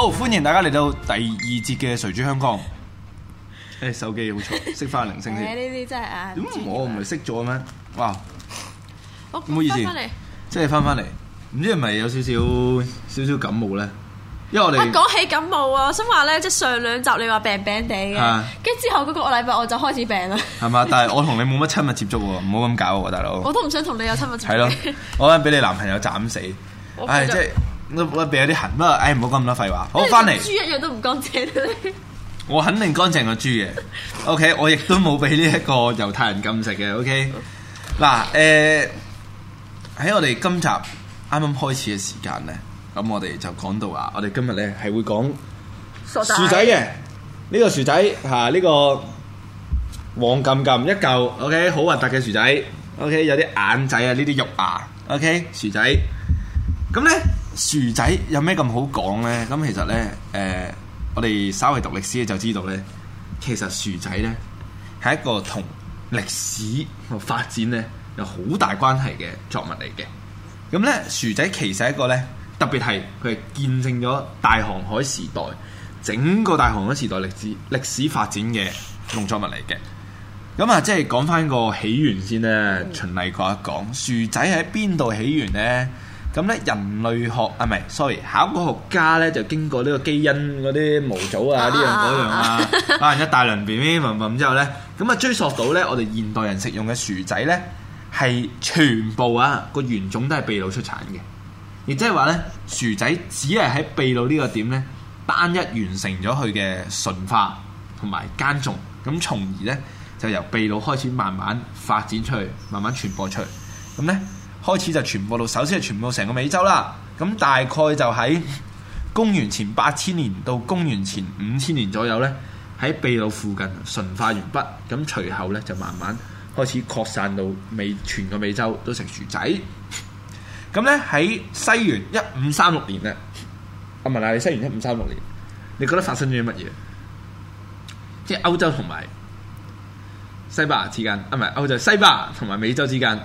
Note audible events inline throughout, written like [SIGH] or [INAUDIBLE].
好，歡迎大家嚟到第二節嘅誰主香江。誒，手機好嘈，熄翻個鈴聲先。誒，呢啲真係啊。我唔係熄咗咩？哇！好唔好意思，即係翻翻嚟。唔知係咪有少少少少感冒咧？因為我哋講起感冒啊，我想話咧，即係上兩集你話病病地嘅，跟住之後嗰個禮拜我就開始病啦。係嘛？但係我同你冇乜親密接觸喎，唔好咁搞喎，大佬。我都唔想同你有親密接觸。係咯，我可能俾你男朋友斬死。唉，即係。我會有啲痕，不過唉，唔好講咁多廢話。好，翻嚟。豬一樣都唔乾淨。我肯定乾淨過豬嘅。 [LAUGHS] o、OK? K，我亦都冇俾呢一個猶太人禁食嘅。O K，嗱，誒，喺、呃、我哋今集啱啱開始嘅時間咧，咁我哋就講到啊，我哋今日咧係會講薯仔嘅呢、這個薯仔吓呢、啊這個黃金金一嚿，O K，好核突嘅薯仔，O、OK? K，有啲眼仔啊呢啲肉啊，O K，薯仔咁咧。薯仔有咩咁好講呢？咁其實呢，誒、呃，我哋稍微讀歷史咧就知道呢。其實薯仔呢係一個同歷史發展呢有好大關係嘅作物嚟嘅。咁、嗯、呢，薯仔其實一個呢，特別係佢係見證咗大航海時代，整個大航海時代歷史、歷史發展嘅農作物嚟嘅。咁、嗯、啊，即係講翻個起源先咧，嗯、循例講一講薯仔喺邊度起源呢？咁咧，人類學啊，唔係，sorry，考古學家咧就經過呢個基因嗰啲模組啊，呢樣嗰樣啊，樣啊一大輪 B B，咁之後咧，咁啊追溯到咧，我哋現代人食用嘅薯仔咧，係全部啊個原種都係秘魯出產嘅，亦即係話咧，薯仔只係喺秘魯呢個點咧，單一完成咗佢嘅馴化同埋耕種，咁從而咧就由秘魯開始慢慢發展出去，慢慢傳播出去，咁咧。開始就傳播到，首先係傳播成個美洲啦。咁大概就喺公元前八千年到公元前五千年左右咧，喺秘魯附近馴化完畢。咁隨後咧就慢慢開始擴散到美全個美洲都食薯仔。咁咧喺西元一五三六年咧，我問下你西元一五三六年，你覺得發生咗啲乜嘢？即係歐洲同埋西伯之間，啊唔係歐洲西伯同埋美洲之間。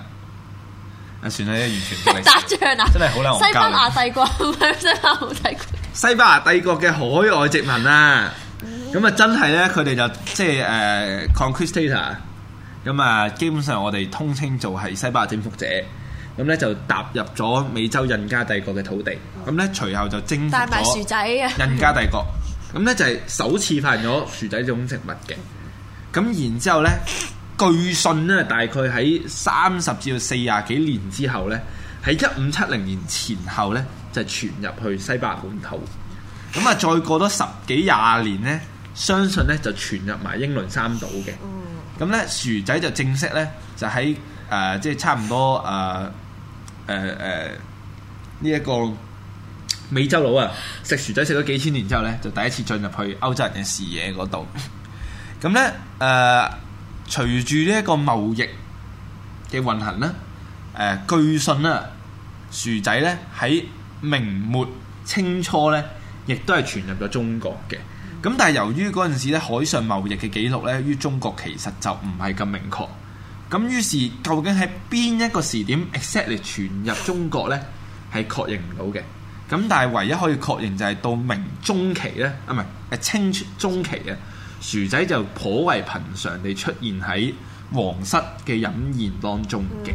算啦，完全冇。打仗啊！真西班牙帝國， [LAUGHS] 西班牙帝國。西班牙帝國嘅海外殖民啊，咁啊 [LAUGHS] 真係咧，佢哋就即係誒 conquistador，咁啊基本上我哋通稱做係西班牙征服者，咁咧就踏入咗美洲印加帝國嘅土地，咁咧 [LAUGHS] 隨後就征服咗印加帝國，咁咧 [LAUGHS] [LAUGHS] 就係首次發現咗薯仔種植物嘅，咁然之後咧。 [LAUGHS] [LAUGHS] 據信咧，大概喺三十至到四十幾年之後呢，喺一五七零年前後呢，就傳入去西班牙本土。咁啊，再過十多十幾廿年呢，相信呢就傳入埋英倫三島嘅。咁呢，薯仔就正式呢，就喺誒、呃，即係差唔多誒誒呢一個美洲佬啊，食薯仔食咗幾千年之後呢，就第一次進入去歐洲人嘅視野嗰度。咁呢。誒、呃。隨住呢一個貿易嘅運行啦，誒、呃、據信啊，薯仔咧喺明末清初咧，亦都係傳入咗中國嘅。咁但係由於嗰陣時咧，海上貿易嘅記錄咧，於中國其實就唔係咁明確，咁於是究竟喺邊一個時點 exactly 傳入中國咧係確認唔到嘅。咁但係唯一可以確認就係到明中期咧，啊唔係誒清中期嘅。薯仔就頗為平常地出現喺皇室嘅飲宴當中嘅，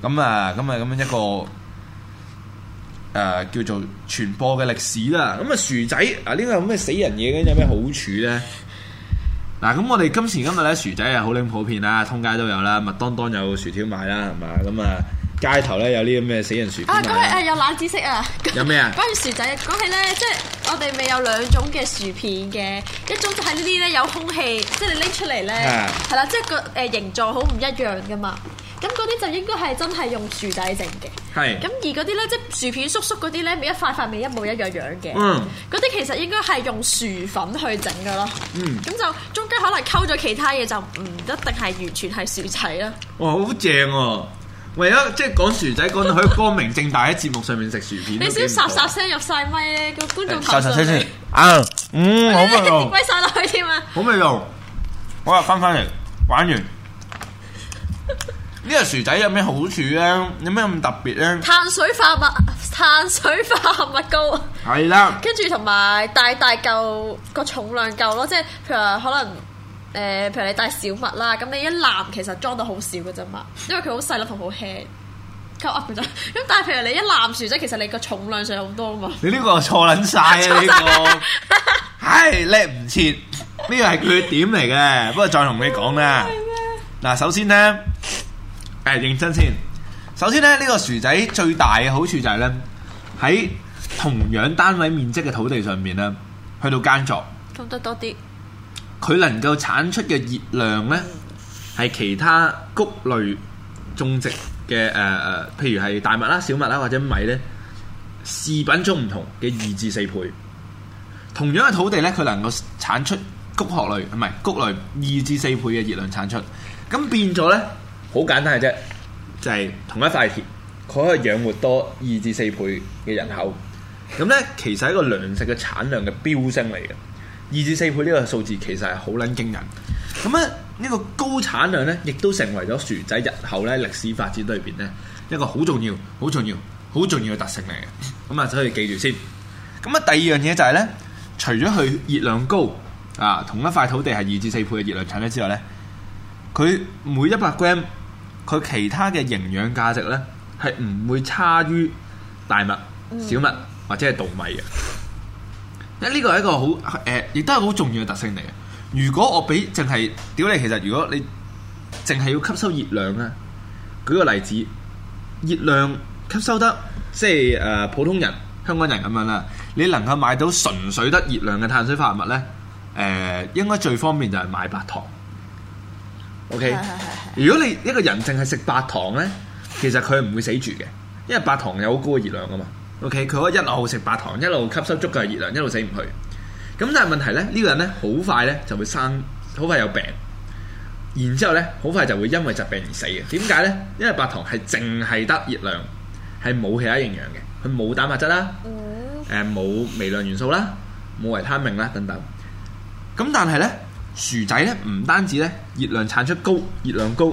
咁、嗯、啊，咁啊，咁樣一個誒、呃、叫做傳播嘅歷史啦。咁、嗯、啊，薯仔啊，呢個咁嘅死人嘢，有咩好處呢？嗱、啊，咁我哋今時今日咧，薯仔啊好撚普遍啦，通街都有啦，麥當當有薯條賣啦，係嘛，咁啊。街頭咧有呢啲咩死人薯片啊！講起有冷知識啊！有咩啊？關於 [LAUGHS] 薯仔，講起咧即係我哋未有兩種嘅薯片嘅，一種就係呢啲咧有空氣，即係你拎出嚟咧，係啦，即係個誒形狀好唔一樣噶嘛。咁嗰啲就應該係真係用薯仔整嘅。係。咁而嗰啲咧即係薯片叔叔嗰啲咧，一塊塊面一模一樣樣嘅。嗯。嗰啲其實應該係用薯粉去整嘅咯。嗯。咁就中間可能溝咗其他嘢，就唔一定係完全係薯仔啦。哇！好正喎～為咗即係講薯仔，講到佢光明正大喺節 [LAUGHS] 目上面食薯片。你先霎霎聲入晒咪咧，個觀眾投訴。霎霎聲先，啊，嗯，哇好味咯。你咪晒落去添啊，好味咯。我又翻翻嚟，玩完。呢 [LAUGHS] 個薯仔有咩好處咧？有咩咁特別咧？碳水化物，碳水化合物高。係啦。跟住同埋大大嚿個重量夠咯，即係譬如可能。誒、呃，譬如你帶小物啦，咁你一攬其實裝到好少嘅啫嘛，因為佢好細粒同好輕，扣 Up 嘅啫。咁但係譬如你一攬薯仔，其實你個重量上有好多嘛啊嘛。你呢個錯撚曬啊！呢個係叻唔切，呢個係缺點嚟嘅。不過再同你講啦，嗱 [LAUGHS] 的，首先咧，誒、欸、認真先。首先咧，呢、這個薯仔最大嘅好處就係咧，喺同樣單位面積嘅土地上面咧，去到耕作種得多啲。佢能夠產出嘅熱量呢，係其他穀類種植嘅誒誒，譬如係大麥啦、啊、小麥啦、啊、或者米呢，視品種唔同嘅二至四倍。同樣嘅土地呢，佢能夠產出穀殼類唔係穀類二至四倍嘅熱量產出。咁變咗呢，好簡單嘅啫，就係、是、同一塊田，佢可以養活多二至四倍嘅人口。咁呢，其實係一個糧食嘅產量嘅飆升嚟嘅。二至四倍呢個數字其實係好撚驚人。咁啊呢個高產量咧，亦都成為咗薯仔日後咧歷史發展裏邊咧一個好重要、好重要、好重要嘅特性嚟嘅。咁啊，所以記住先。咁啊，第二樣嘢就係咧，除咗佢熱量高啊，同一塊土地係二至四倍嘅熱量產量之外咧，佢每一百 gram 佢其他嘅營養價值咧係唔會差於大麥、小麥或者係稻米嘅。呢個係一個好誒，亦都係好重要嘅特性嚟。如果我俾淨係屌你，其實如果你淨係要吸收熱量咧，舉個例子，熱量吸收得即係誒、呃、普通人、香港人咁樣啦，你能夠買到純粹得熱量嘅碳水化合物咧，誒、呃、應該最方便就係買白糖。O、okay? K， [LAUGHS] 如果你一個人淨係食白糖咧，其實佢唔會死住嘅，因為白糖有好高嘅熱量㗎嘛。O K，佢可一路食白糖，一路吸收足夠熱量，一路死唔去。咁但係問題咧，呢、呢個人咧好快咧就會生，好快有病，然之後咧好快就會因為疾病而死嘅。點解咧？因為白糖係淨係得熱量，係冇其他營養嘅，佢冇蛋白質啦，誒冇、mm. 微量元素啦，冇維他命啦等等。咁但係咧，薯仔咧唔單止咧熱量產出高，熱量高。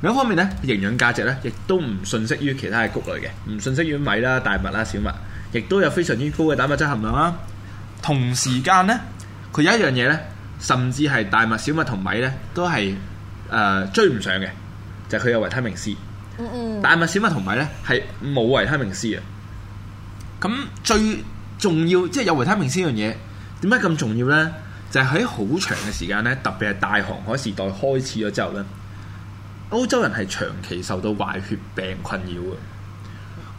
另一方面咧，營養價值咧，亦都唔遜色於其他嘅穀類嘅，唔遜色於米啦、大麥啦、小麥，亦都有非常之高嘅蛋白質含量啦。同時間咧，佢有一樣嘢咧，甚至係大麥、小麥同米咧，都係誒、呃、追唔上嘅，就係、是、佢有維他命 C。嗯嗯。大麥、小麥同米咧，係冇維他命 C 嘅。咁最重要，即係有維他命 C 呢樣嘢，點解咁重要咧？就係喺好長嘅時間咧，特別係大航海時代開始咗之後咧。歐洲人係長期受到壞血病困擾嘅，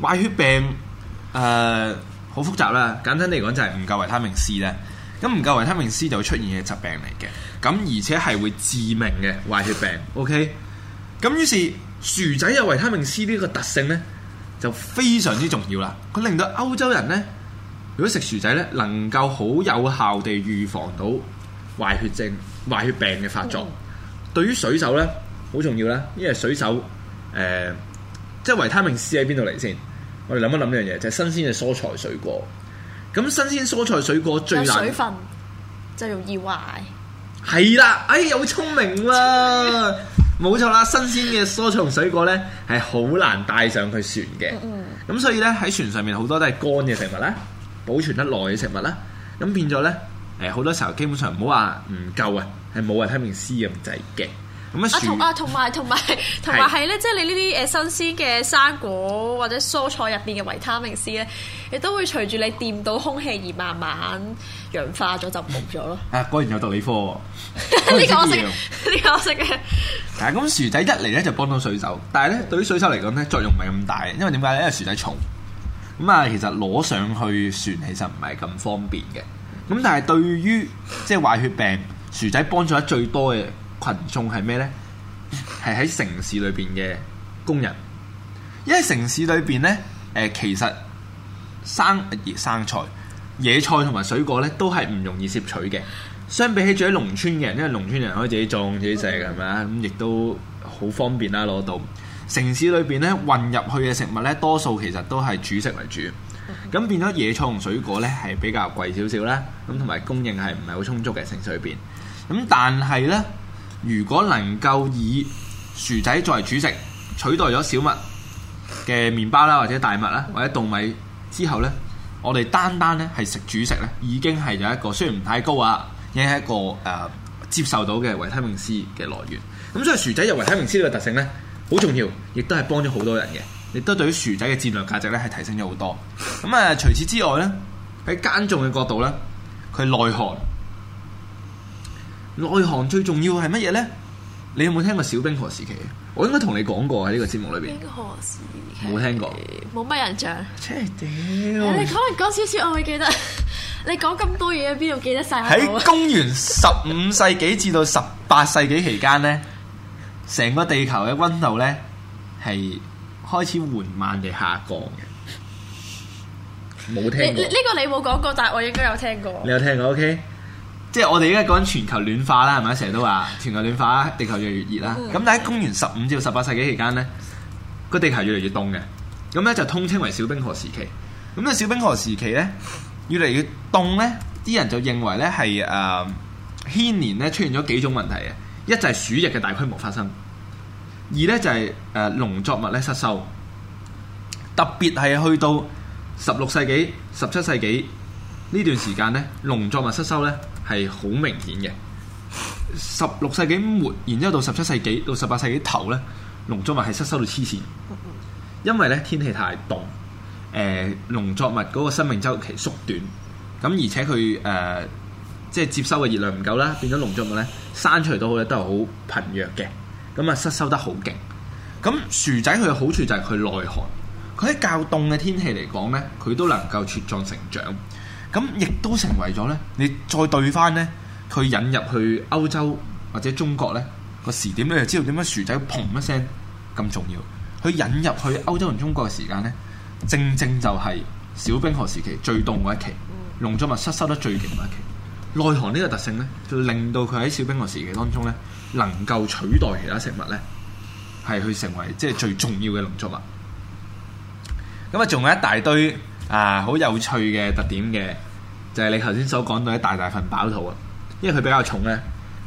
壞血病誒好、呃、複雜啦，簡單嚟講就係唔夠維他命 C 咧，咁唔夠維他命 C 就出現嘅疾病嚟嘅，咁而且係會致命嘅壞血病。OK，咁於是薯仔有維他命 C 呢個特性呢，就非常之重要啦。佢令到歐洲人呢，如果食薯仔呢，能夠好有效地預防到壞血症、壞血病嘅發作。嗯、對於水手呢。好重要啦，因為水手誒、呃，即係維他命 C 喺邊度嚟先？我哋諗一諗呢樣嘢，就係、是、新鮮嘅蔬菜水果。咁新鮮蔬菜水果最難，水分就容易壞。係啦，哎，好聰明啦，冇錯啦，新鮮嘅蔬菜同水果呢，係好難帶上去船嘅。咁、嗯嗯、所以呢，喺船上面好多都係乾嘅食物啦，保存得耐嘅食物啦。咁變咗呢，誒，好多時候基本上唔好話唔夠啊，係冇維他命 C 咁滯嘅。啊同啊同埋同埋同埋係咧，呢是即係你呢啲誒新鮮嘅生果或者蔬菜入邊嘅維他命 C 咧，亦都會隨住你掂到空氣而慢慢氧化咗就冇咗咯。 [LAUGHS] 啊，果然有道理科喎、哦！呢 [LAUGHS] [LAUGHS] 個我識，呢個我識嘅。係啊，咁薯仔一嚟咧就幫到水手，但係咧 [LAUGHS] 對於水手嚟講咧作用唔係咁大，因為點解咧？因為，因為薯仔重，咁啊其實攞上去船其實唔係咁方便嘅。咁但係對於即係壞血病，薯仔幫助得最多嘅。群眾係咩呢？係喺城市裏邊嘅工人，因為城市裏邊呢，誒、呃、其實生生菜、野菜同埋水果呢都係唔容易攝取嘅。相比起住喺農村嘅人，因為農村人可以自己種、自己食，係咪咁亦都好方便啦、啊、攞到。城市裏邊呢，混入去嘅食物呢，多數其實都係主食為主，咁 [LAUGHS] 變咗野菜同水果呢，係比較貴少少啦。咁同埋供應係唔係好充足嘅城市裏邊？咁、嗯、但係呢。如果能夠以薯仔作為主食取代咗小麥嘅麵包啦，或者大麥啦，或者稻米之後呢，我哋單單咧係食主食咧，已經係有一個雖然唔太高啊，已經係一個誒、呃、接受到嘅維他命 C 嘅來源。咁所以薯仔有維他命 C 呢個特性呢，好重要，亦都係幫咗好多人嘅，亦都對於薯仔嘅戰略價值呢係提升咗好多。咁啊、呃，除此之外呢，喺耕種嘅角度呢，佢耐寒。內行最重要係乜嘢咧？你有冇聽過小冰河時期？我應該同你講過喺呢個節目裏邊。冰河時期冇聽過，冇乜印象。真係屌，啊！你可能講少少我會記得。 [LAUGHS] 你講咁多嘢，邊度記得晒？喺公元十五世紀至到十八世紀期間咧，成 [LAUGHS] 個地球嘅溫度咧係開始緩慢地下降嘅。冇聽呢、這個你冇講過，但係我應該有聽過。你有聽過？OK。Okay? 即係我哋依家講緊全球暖化啦，係咪？成日都話全球暖化，地球越嚟越熱啦。咁 [LAUGHS] 但喺公元十五至十八世紀期間呢，個地球越嚟越凍嘅。咁呢就通稱為小冰河時期。咁咧小冰河時期呢，越嚟越凍呢，啲人就認為呢係誒牽連呢出現咗幾種問題嘅，一就係鼠疫嘅大規模發生，二呢就係誒農作物咧失收，特別係去到十六世紀、十七世紀呢段時間呢，農作物失收呢。係好明顯嘅，十六世紀末，然之後到十七世紀到十八世紀頭呢，農作物係失收到黐線。因為呢，天氣太凍，誒、呃、農作物嗰個生命周期縮短，咁而且佢誒、呃、即係接收嘅熱量唔夠啦，變咗農作物呢生出嚟都好咧都係好貧弱嘅，咁啊失收得好勁。咁薯仔佢嘅好處就係佢耐寒，佢喺較凍嘅天氣嚟講呢佢都能夠茁壯成長。咁亦都成為咗咧，你再對翻咧，佢引入去歐洲或者中國咧個時點咧，你就知道點解薯仔砰一聲咁重要。佢引入去歐洲同中國嘅時間咧，正正就係小冰河時期最凍嗰一期，農作物失收得最勁嗰一期。耐寒呢個特性咧，就令到佢喺小冰河時期當中咧，能夠取代其他食物咧，係去成為即係最重要嘅農作物。咁啊，仲有一大堆。啊，好有趣嘅特點嘅，就係你頭先所講到一大大份飽肚啊，因為佢比較重咧，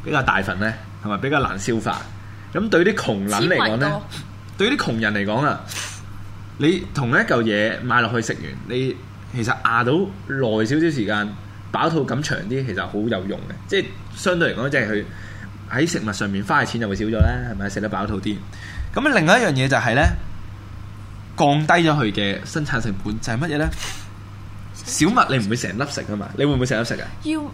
比較大份咧，係咪比較難消化？咁對啲窮撚嚟講咧，對啲窮人嚟講啊，你同一嚿嘢買落去食完，你其實壓到耐少少時間，飽肚感長啲，其實好有用嘅。即係相對嚟講，即係佢喺食物上面花嘅錢就會少咗咧，係咪食得飽肚啲？咁另外一樣嘢就係咧。降低咗佢嘅生產成本就係乜嘢呢？小麥你唔會成粒食啊嘛？你會唔會成粒食啊？要我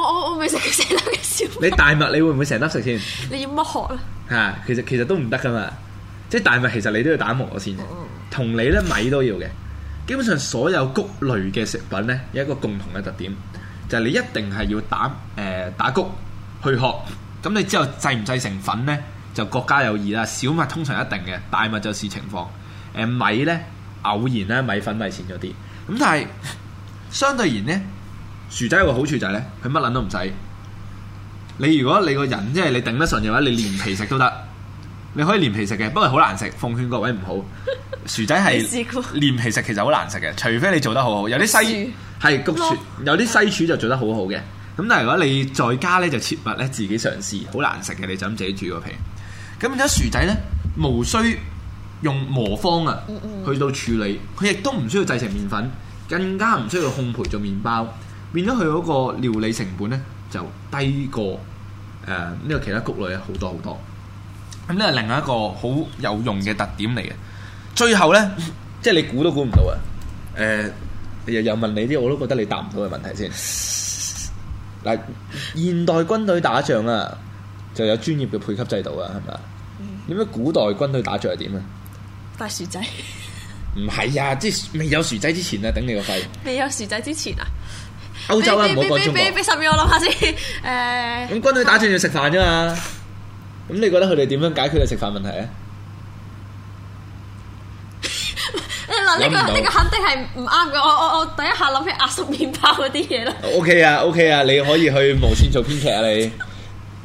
我我唔食成粒嘅小麥，你大麥你會唔會成粒食先？你要乜殼啦。其實其實都唔得噶嘛。即係大麥其實你都要打磨咗先，同、哦、你咧米都要嘅。基本上所有穀類嘅食品呢，有一個共同嘅特點，就係、是、你一定係要打誒、呃、打穀去殼。咁你之後製唔製成粉呢，就國家有異啦。小麥通常一定嘅，大麥就視情況。誒米咧偶然咧米粉米淺咗啲，咁但係相對而言咧，薯仔有個好處就係咧，佢乜撚都唔使。你如果你個人即係你頂得順嘅話，你連皮食都得。你可以連皮食嘅，不過好難食，奉勸各位唔好。薯仔係連皮食其實好難食嘅，除非你做得好好。有啲西係焗我薯，有啲西廚就做得好好嘅。咁但係如果你在家咧就切勿咧自己嘗試，好難食嘅。你就咁自己煮個皮。咁點解薯仔咧無需？用磨坊啊，去到處理，佢亦都唔需要製成麵粉，更加唔需要烘焙做麵包，變咗佢嗰個料理成本咧就低過誒呢、呃，這個其他穀類好多好多，咁呢係另外一個好有用嘅特點嚟嘅。最後咧，即係你估都估唔到啊！誒、呃，又又問你啲，我都覺得你答唔到嘅問題先。嗱，現代軍隊打仗啊，就有專業嘅配給制度啊，係咪啊？點解、嗯、古代軍隊打仗係點啊？薯仔？唔係 [LAUGHS] 啊，即係未有薯仔之前啊，頂你個肺！未有薯仔之前啊？歐洲啊，唔好講中國。俾十秒我諗下先。誒、呃，咁軍隊打仗要食飯啫嘛？咁你覺得佢哋點樣解決嘅食飯問題啊？嗱 [LAUGHS] 到，呢個呢個肯定係唔啱㗎。我我我，第一下諗起壓縮麵包嗰啲嘢啦。OK 啊，OK 啊，你可以去無線做編劇啊你。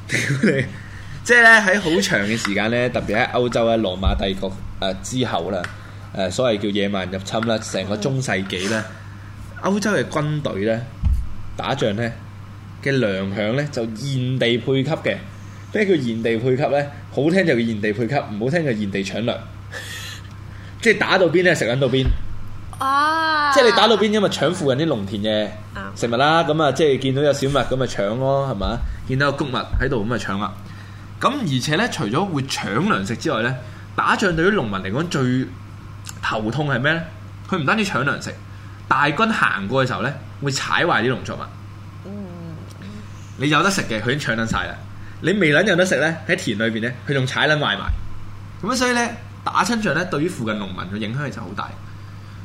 屌你！即係咧，喺好長嘅時間咧，特別喺歐洲咧，羅馬帝國誒、呃、之後啦，誒、呃、所謂叫野蠻入侵啦，成個中世紀咧，歐洲嘅軍隊咧打仗咧嘅糧餉咧就現地配給嘅。咩叫現地配給咧？好聽就叫現地配給，唔好聽就現地搶糧。 [LAUGHS] 即係打到邊咧食緊到邊。哦、啊！即係你打到邊因為，搶附近啲農田嘅食物啦。咁啊，即係見到有小麥咁咪搶咯係咪？見、啊、到有谷物喺度咁咪搶啦。咁而且咧，除咗會搶糧食之外咧，打仗對於農民嚟講最頭痛係咩咧？佢唔單止搶糧食，大軍行過嘅時候咧，會踩壞啲農作物。嗯，你有得食嘅，佢已經搶得晒啦。你未撚有得食咧，喺田裏邊咧，佢仲踩撚壞埋。咁所以咧，打親仗咧，對於附近農民嘅影響力就好大。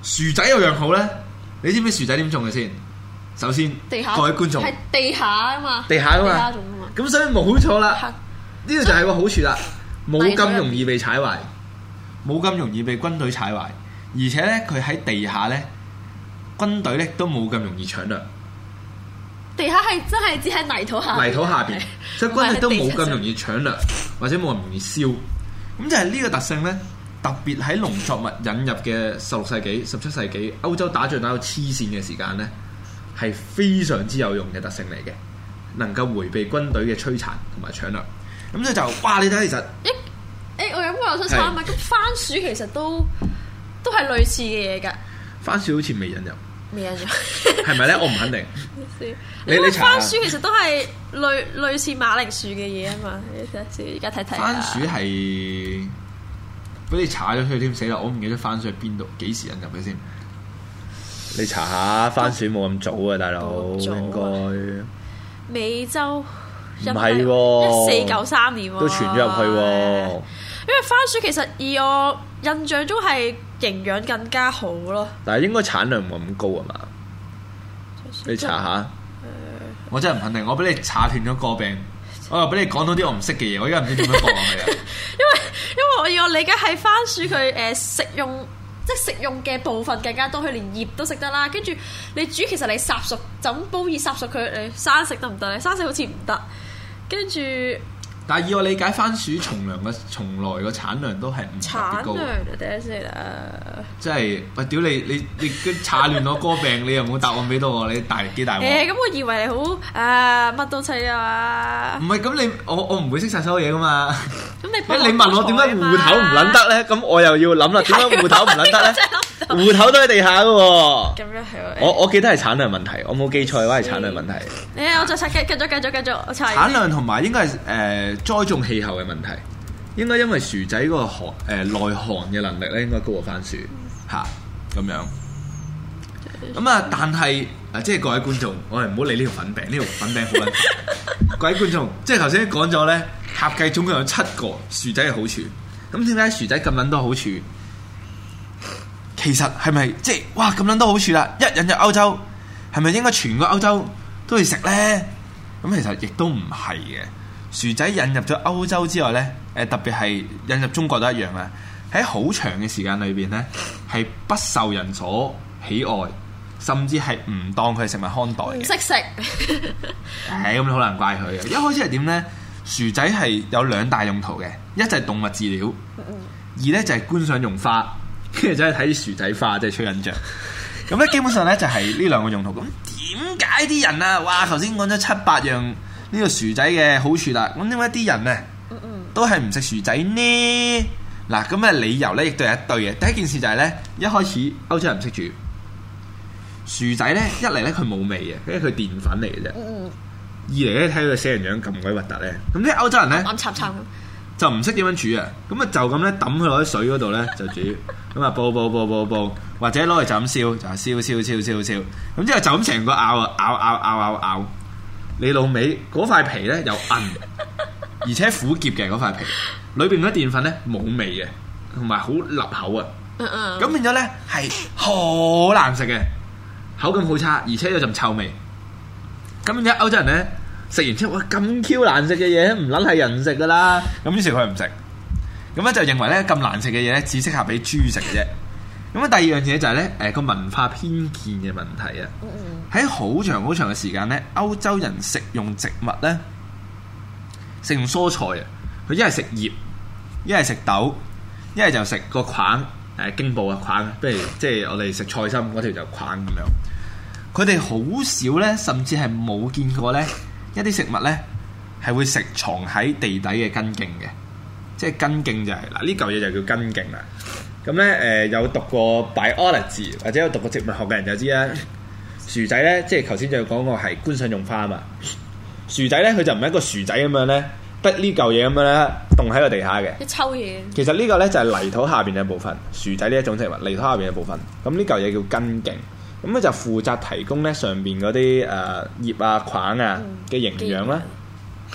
薯仔有樣好咧，你知唔知薯仔點種嘅先？首先，地下。各位觀眾喺地下啊嘛，地下啊嘛，咁所以冇錯啦。呢個就係個好處啦，冇咁容易被踩壞，冇咁容易被軍隊踩壞，而且咧佢喺地下咧，軍隊咧都冇咁容易搶掠。地下係真係只喺泥土下，泥土下邊，的所以軍隊都冇咁容易搶掠，或者冇人容易燒。咁就係呢個特性咧，特別喺農作物引入嘅十六世紀、十七世紀歐洲打仗打到黐線嘅時間咧，係非常之有用嘅特性嚟嘅，能夠回避軍隊嘅摧殘同埋搶掠。咁咧就，哇！你睇，其實一，誒、欸欸，我有冇想查下啊？咁是番薯其實都都係類似嘅嘢噶。番薯好似未引入。未引入。係咪咧？我唔肯定。你，你番薯其實都係類都類，類似馬鈴薯嘅嘢啊嘛，你睇下先，而家睇睇。番薯係俾你查咗佢添，死啦！我唔記得番薯係邊度，幾時引入嘅先。你查下番薯冇咁早啊，大佬應該該。美洲。唔係喎，一四九三年喎，都傳咗入去喎。因為番薯其實以我印象中係營養更加好咯。但係應該產量唔會咁高啊嘛？就算 你查下。嗯、我真係唔肯定。我俾你查斷咗個病，真是 我又俾你講到啲我唔識嘅嘢。我依家唔知點樣講係啊。 [LAUGHS] 因為因為我以我理解係番薯佢誒食用，即係食用嘅部分更加多。佢連葉都食得啦。跟住你煮其實你烚熟，就咁煲熱烚熟佢？你生食得唔得？生食好似唔得。跟住。但係以我理解番薯從量嘅從來個產量都係唔特別高。產量第即係喂屌你你你佢岔亂我歌病，你又冇答案俾到我，你大幾大咁我以為你好啊乜都砌啊。唔係咁你我我唔會識晒所有嘢噶嘛。咁你咁 [LAUGHS] 你問我點解芋頭唔捻得咧？咁我又要諗啦。點解芋頭唔捻得咧？芋 [LAUGHS] [LAUGHS] 頭都喺地下噶。咁樣係我我，我記得係產量問題，我冇記錯嘅話係產量問題。誒、欸，我再擦繼繼續繼續繼續擦。續產量同埋應該係誒。呃栽種氣候嘅問題，應該因為薯仔嗰個寒誒耐、呃、寒嘅能力咧，應該高過番薯吓咁、嗯、樣。咁啊、嗯嗯，但係啊， [LAUGHS] 即係各位觀眾，我哋唔好理呢條粉餅，呢條粉餅好撚煩。各位觀眾，即係頭先講咗咧，合計總共有七個薯仔嘅好處。咁點解薯仔咁捻多好處？其實係咪即係哇咁捻多好處啦？一引入歐洲，係咪應該全個歐洲都要食咧？咁其實亦都唔係嘅。薯仔引入咗歐洲之外呢，誒，特別係引入中國都一樣啊！喺好長嘅時間裏邊呢，係不受人所喜愛，甚至係唔當佢係食物看待嘅。唔識食，係咁好難怪佢啊。一開始係點呢？薯仔係有兩大用途嘅，一就係動物飼料，二呢就係觀賞用花，跟 [LAUGHS] 住就係睇薯仔花，即係吹印象。咁咧 [LAUGHS] 基本上呢就係呢兩個用途。咁點解啲人啊？哇！頭先講咗七八樣。呢個薯仔嘅好處啦，咁另外一啲人咧，都係唔食薯仔呢。嗱，咁嘅理由咧亦都有一對嘅。第一件事就係、是、咧，一開始歐洲人唔識煮薯仔咧，一嚟咧佢冇味嘅，因為佢澱粉嚟嘅啫。嗯嗯，二嚟咧睇到個死人樣咁鬼核突咧，咁啲歐洲人咧、嗯嗯嗯、就唔識點樣煮啊，咁啊就咁咧揼佢落啲水嗰度咧就煮，咁啊煲煲煲煲煲，或者攞嚟就咁燒，就係燒燒燒燒燒，咁之後就咁成個咬咬咬咬咬咬。咬咬咬咬咬咬你老味，嗰塊皮咧又硬，而且苦澀嘅嗰塊皮，裏邊啲澱粉咧冇味嘅，同埋好立口啊！咁、嗯嗯、變咗咧係好難食嘅，口感好差，而且有陣臭味。咁而家歐洲人咧食完之後，哇咁 Q 難食嘅嘢唔撚係人食噶啦，咁於是佢唔食。咁咧就認為咧咁難食嘅嘢咧只適合俾豬食嘅啫。咁第二樣嘢就係咧，誒個文化偏見嘅問題啊！喺好長好長嘅時間咧，歐洲人食用植物咧，食用蔬菜啊，佢一係食葉，一係食豆，一係就食個莖誒莖部啊，莖不如即係我哋食菜心嗰條就莖咁樣。佢哋好少咧，甚至係冇見過咧一啲食物咧係會食藏喺地底嘅根莖嘅，即係根莖就係嗱呢嚿嘢就叫根莖啦。咁咧，誒、呃、有讀過 Biology 或者有讀過植物學嘅人就知啦。薯仔咧，即係頭先就講過係觀賞用花嘛。薯仔咧，佢就唔係一個薯仔咁樣咧，得呢嚿嘢咁樣咧，棟喺個地下嘅。一抽嘢？其實個呢個咧就係、是、泥土下邊嘅部分，薯仔呢一種植物，泥土下邊嘅部分。咁呢嚿嘢叫根莖。咁咧就負責提供咧上邊嗰啲誒葉啊、菌啊嘅、嗯、營養啦。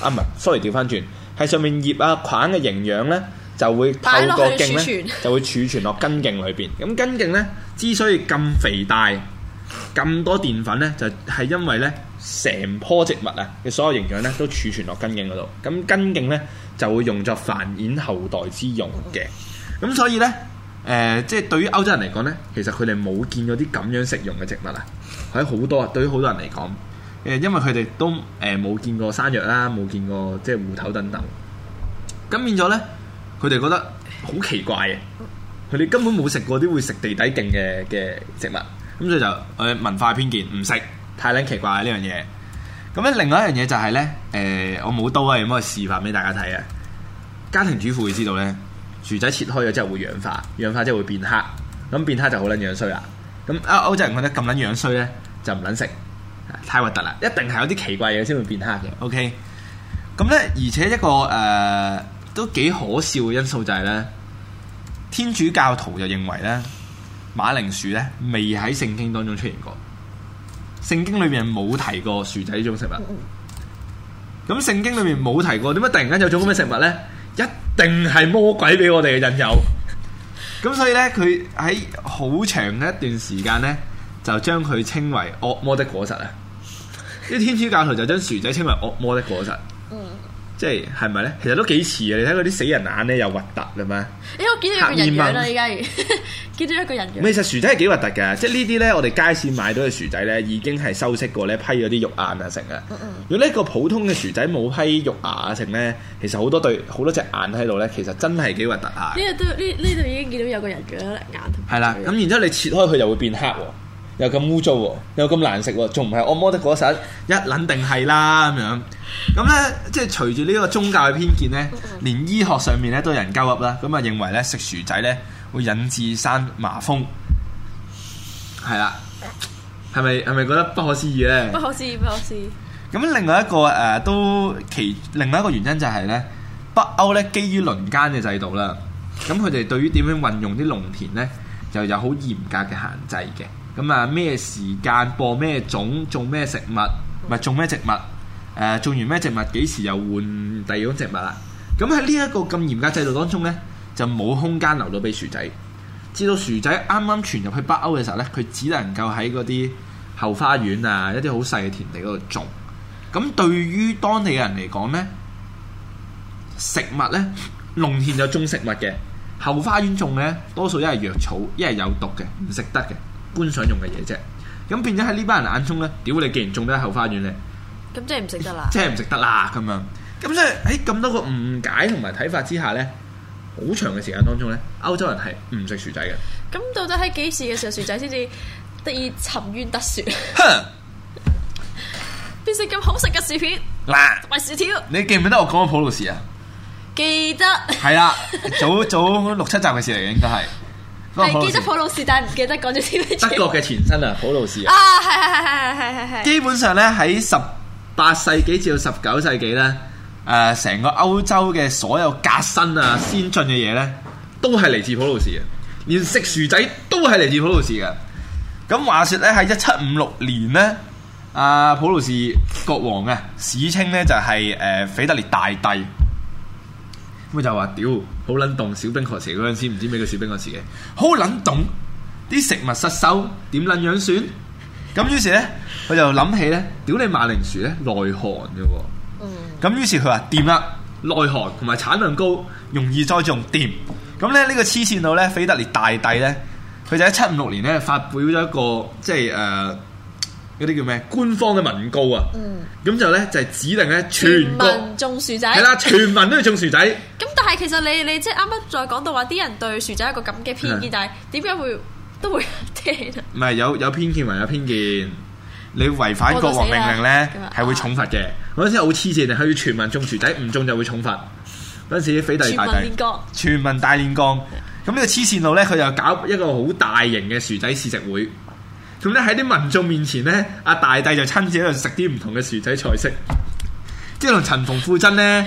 啊，唔係，sorry，調翻轉，係上面葉啊、菌嘅營養咧。就會透過莖咧，就會儲存落根莖裏邊。咁 [LAUGHS] 根莖咧之所以咁肥大、咁多澱粉咧，就係因為咧成棵植物啊嘅所有營養咧都儲存落根莖嗰度。咁根莖咧就會用作繁衍後代之用嘅。咁 [LAUGHS] 所以咧，誒即係對於歐洲人嚟講咧，其實佢哋冇見過啲咁樣食用嘅植物啊，喺好多對於好多人嚟講，誒因為佢哋都誒冇見過山藥啦，冇見過即係芋頭等等。咁變咗咧。佢哋覺得好奇怪嘅，佢哋根本冇食過啲會食地底勁嘅嘅食物，咁、嗯、所以就誒文化偏見，唔食太撚奇怪呢樣嘢。咁咧、嗯、另外一樣嘢就係、是、咧，誒、呃、我冇刀啊，有冇示範俾大家睇啊！家庭主婦會知道咧，薯仔切開咗之後會氧化，氧化之後會變黑，咁、嗯、變黑就好撚、嗯哦哦、樣衰啦。咁歐洲人覺得咁撚樣衰咧，就唔撚食，太核突啦！一定係有啲奇怪嘢先會變黑嘅。OK，咁、嗯、咧而且一個誒。呃都幾可笑嘅因素就係、是、咧，天主教徒就認為咧，馬鈴薯咧未喺聖經當中出現過，聖經裏面冇提過薯仔呢種食物。咁聖、嗯、經裏面冇提過，點解突然間有種咁嘅食物咧？一定係魔鬼俾我哋嘅引誘。咁、嗯、所以咧，佢喺好長嘅一段時間咧，就將佢稱為惡魔的果實啊！啲天主教徒就將薯仔稱為惡魔的果實。嗯。即係係咪咧？其實都幾似啊。你睇嗰啲死人眼咧，又核突嘅咩？誒、欸，我見到一個人樣啦，而家見到一個人樣。其實薯仔係幾核突嘅。即係呢啲咧，我哋街市買到嘅薯仔咧，已經係修飾過咧，批咗啲肉眼啊，成啊。如果呢個普通嘅薯仔冇批肉眼啊，成咧，其實好多對好多隻眼喺度咧，其實真係幾核突下。呢度都呢呢度已經見到有個人嘅眼。係 [LAUGHS] 啦，咁然之後你切開佢又會變黑喎。又咁污糟喎，又咁難食喎，仲唔係按摩得嗰陣一撚定係啦咁樣咁咧，即係隨住呢個宗教嘅偏見咧， [LAUGHS] 連醫學上面咧都有人鳩噏啦。咁啊，認為咧食薯仔咧會引致生麻風，係啦，係咪，係咪覺得不可思議咧？不可思議，不可思議。咁另外一個誒、呃，都其另外一個原因就係、是、咧，北歐咧基於輪間嘅制度啦。咁佢哋對於點樣運用啲農田咧，又有好嚴格嘅限制嘅。咁啊，咩時間播咩種種咩食物，咪係種咩植物？誒、呃、種完咩植物，幾時又換第二種植物啦？咁喺呢一個咁嚴格制度當中呢，就冇空間留到俾薯仔。知道薯仔啱啱傳入去北歐嘅時候呢，佢只能夠喺嗰啲後花園啊，一啲好細嘅田地嗰度種。咁對於當地嘅人嚟講呢，食物呢，農田就種食物嘅，後花園種呢，多數一係藥草，一係有毒嘅，唔食得嘅。觀賞用嘅嘢啫，咁變咗喺呢班人眼中咧，屌你！既然種得喺後花園咧，咁即係唔食得啦，即係唔食得啦咁樣，咁 radio 所以喺咁多個誤解同埋睇法之下咧，好長嘅時間當中咧，歐洲人係唔食薯仔嘅。咁到底喺幾時嘅時候薯仔先至得以沉冤得雪？哼，變成咁好食嘅薯片，嗱、啊，賣薯條。你記唔記得我講普魯士啊？記得。係啦，早早，早六七集嘅事嚟嘅，應該係。係記得普魯士，但係唔記得講咗。斯威德國嘅前身啊，普魯士啊。啊、哦，係係係係係係係。基本上咧，喺十八世紀至到十九世紀咧，誒，成個歐洲嘅所有革新啊、先進嘅嘢咧，都係嚟自普魯士嘅。連食薯仔都係嚟自普魯士噶。咁話說咧，喺一七五六年咧，阿普魯士國王啊，史稱咧就係誒腓特烈大帝。佢就話：屌，好冷凍，小冰河死時嗰陣時，唔知咩叫小冰河時嘅，好冷凍，啲食物失收，點撚樣算？咁於是呢，佢就諗起呢，屌你馬鈴薯呢，耐寒嘅喎，咁於是佢話掂啦，耐寒同埋產量高，容易栽種掂。咁咧呢個黐線佬呢，腓特烈大帝呢，佢就喺七五六年呢發表咗一個即係誒。呃嗰啲叫咩？官方嘅文告啊，咁、嗯、就咧就係、是、指令咧，全，全民種薯仔，係啦，全民都要種薯仔。咁 [LAUGHS] 但係其實你你即係啱啱再講到話啲人對薯仔一個咁嘅偏見，的但係點解會都會聽啊？唔係有有偏見還有偏見，你違反國王命令咧係會重罰嘅。嗰陣時好黐線啊，可全民種薯仔，唔種就會重罰。嗰陣 [LAUGHS] 時啲腓特烈大帝全，全民大煉鋼，全民大煉鋼。咁呢個黐線路咧，佢又搞一個好大型嘅薯仔試食會。咁咧喺啲民眾面前咧，阿大帝就親自喺度食啲唔同嘅薯仔菜式，即係同陳馮富珍咧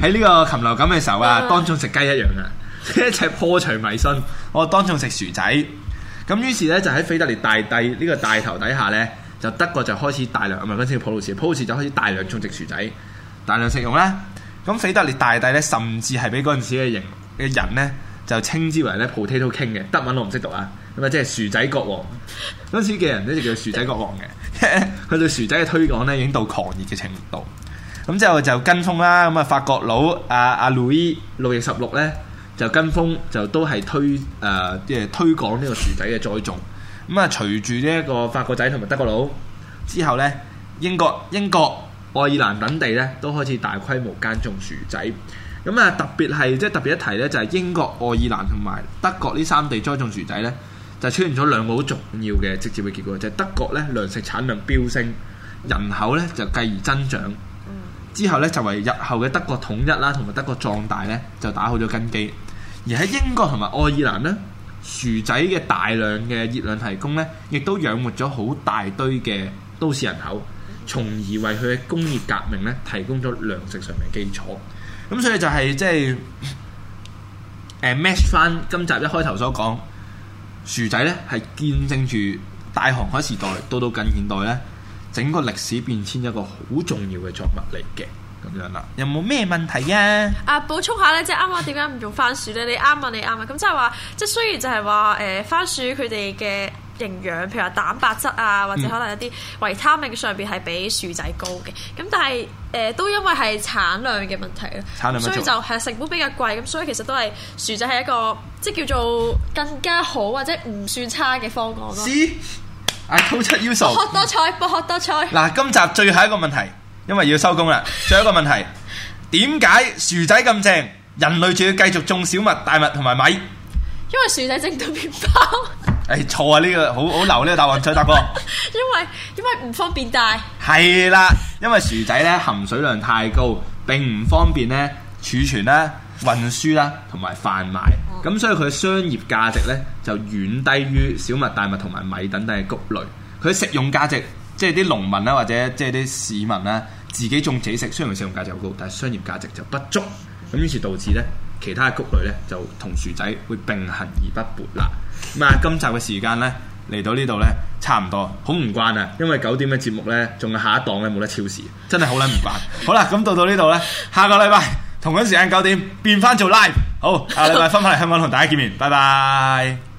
喺呢個禽流感嘅時候啊， [LAUGHS] 當眾食雞一樣啊，一齊破除迷信，我、哦、當眾食薯仔，咁於是咧就喺腓特烈大帝呢個大頭底下咧，就德國就開始大量，唔係嗰陣時普魯士，普魯士就開始大量種植薯仔，大量食用啦。咁腓特烈大帝咧，甚至係俾嗰陣時嘅人嘅人咧，就稱之為咧 potato king 嘅，德文我唔識讀啊。咁啊，即係薯仔國王，嗰時嘅人咧就叫薯仔國王嘅。佢 [LAUGHS] 對薯仔嘅推廣咧已經到狂熱嘅程度。咁之 [LAUGHS] 後就跟風啦。咁啊，法國佬阿阿路易路易十六咧就跟風就都係推誒即係推廣呢個薯仔嘅栽種。咁啊，隨住呢一個法國仔同埋德國佬之後咧，英國、英國、愛爾蘭等地咧都開始大規模間種薯仔。咁、嗯、啊，特別係即係特別一提咧，就係英國、愛爾蘭同埋德國呢三地栽種薯仔咧。就出現咗兩個好重要嘅直接嘅結果，就係德國咧糧食產量飆升，人口咧就繼而增長。之後咧就為日後嘅德國統一啦，同埋德國壯大咧就打好咗根基。而喺英國同埋愛爾蘭咧，薯仔嘅大量嘅熱量提供咧，亦都養活咗好大堆嘅都市人口，從而為佢嘅工業革命咧提供咗糧食上面嘅基礎。咁所以就係即係誒 match 翻今集一開頭所講。薯仔咧係見證住大航海時代到到近現代咧整個歷史變遷，一個好重要嘅作物嚟嘅，咁樣啦。有冇咩問題啊？啊補充下咧，即係啱啱點解唔用番薯咧？你啱啊你啱啊。咁即係話，即係雖然就係話誒番薯佢哋嘅。營養，譬如話蛋白質啊，或者可能一啲維他命上邊係比薯仔高嘅。咁、嗯、但係誒、呃、都因為係產量嘅問題啦，所以就係成本比較貴。咁所以其實都係薯仔係一個即係叫做更加好或者唔算差嘅方案咯。嗯嗯、多喝多菜，多喝多菜。嗱，今集最後一個問題，因為要收工啦。最後一個問題，點解 [LAUGHS] 薯仔咁正，人類仲要繼續種小麥、大麥同埋米？因為薯仔正到麵包。 [LAUGHS] 誒，錯啊！呢、這個好好流呢、這個答案，蔡大哥。因為因為唔方便帶。係啦，因為薯仔咧含水量太高，並唔方便咧儲存咧、運輸啦，同埋販賣。咁、嗯、所以佢嘅商業價值咧就遠低於小麥、大麥同埋米等等嘅谷類。佢食用價值，即係啲農民啦，或者即係啲市民啦，自己種自己食。雖然佢食用價值好高，但係商業價值就不足。咁於是導致咧。其他穀類咧就同薯仔會並行而不悖啦。咁啊，今集嘅時間咧嚟到呢度咧差唔多，好唔慣啊！因為九點嘅節目咧，仲有下一檔咧冇得超時，真係好撚唔慣。 [LAUGHS] 好啦，咁到到呢度咧，下個禮拜同樣時間九點變翻做 live，好，下禮拜翻返嚟香港同大家見面，拜拜。 [LAUGHS]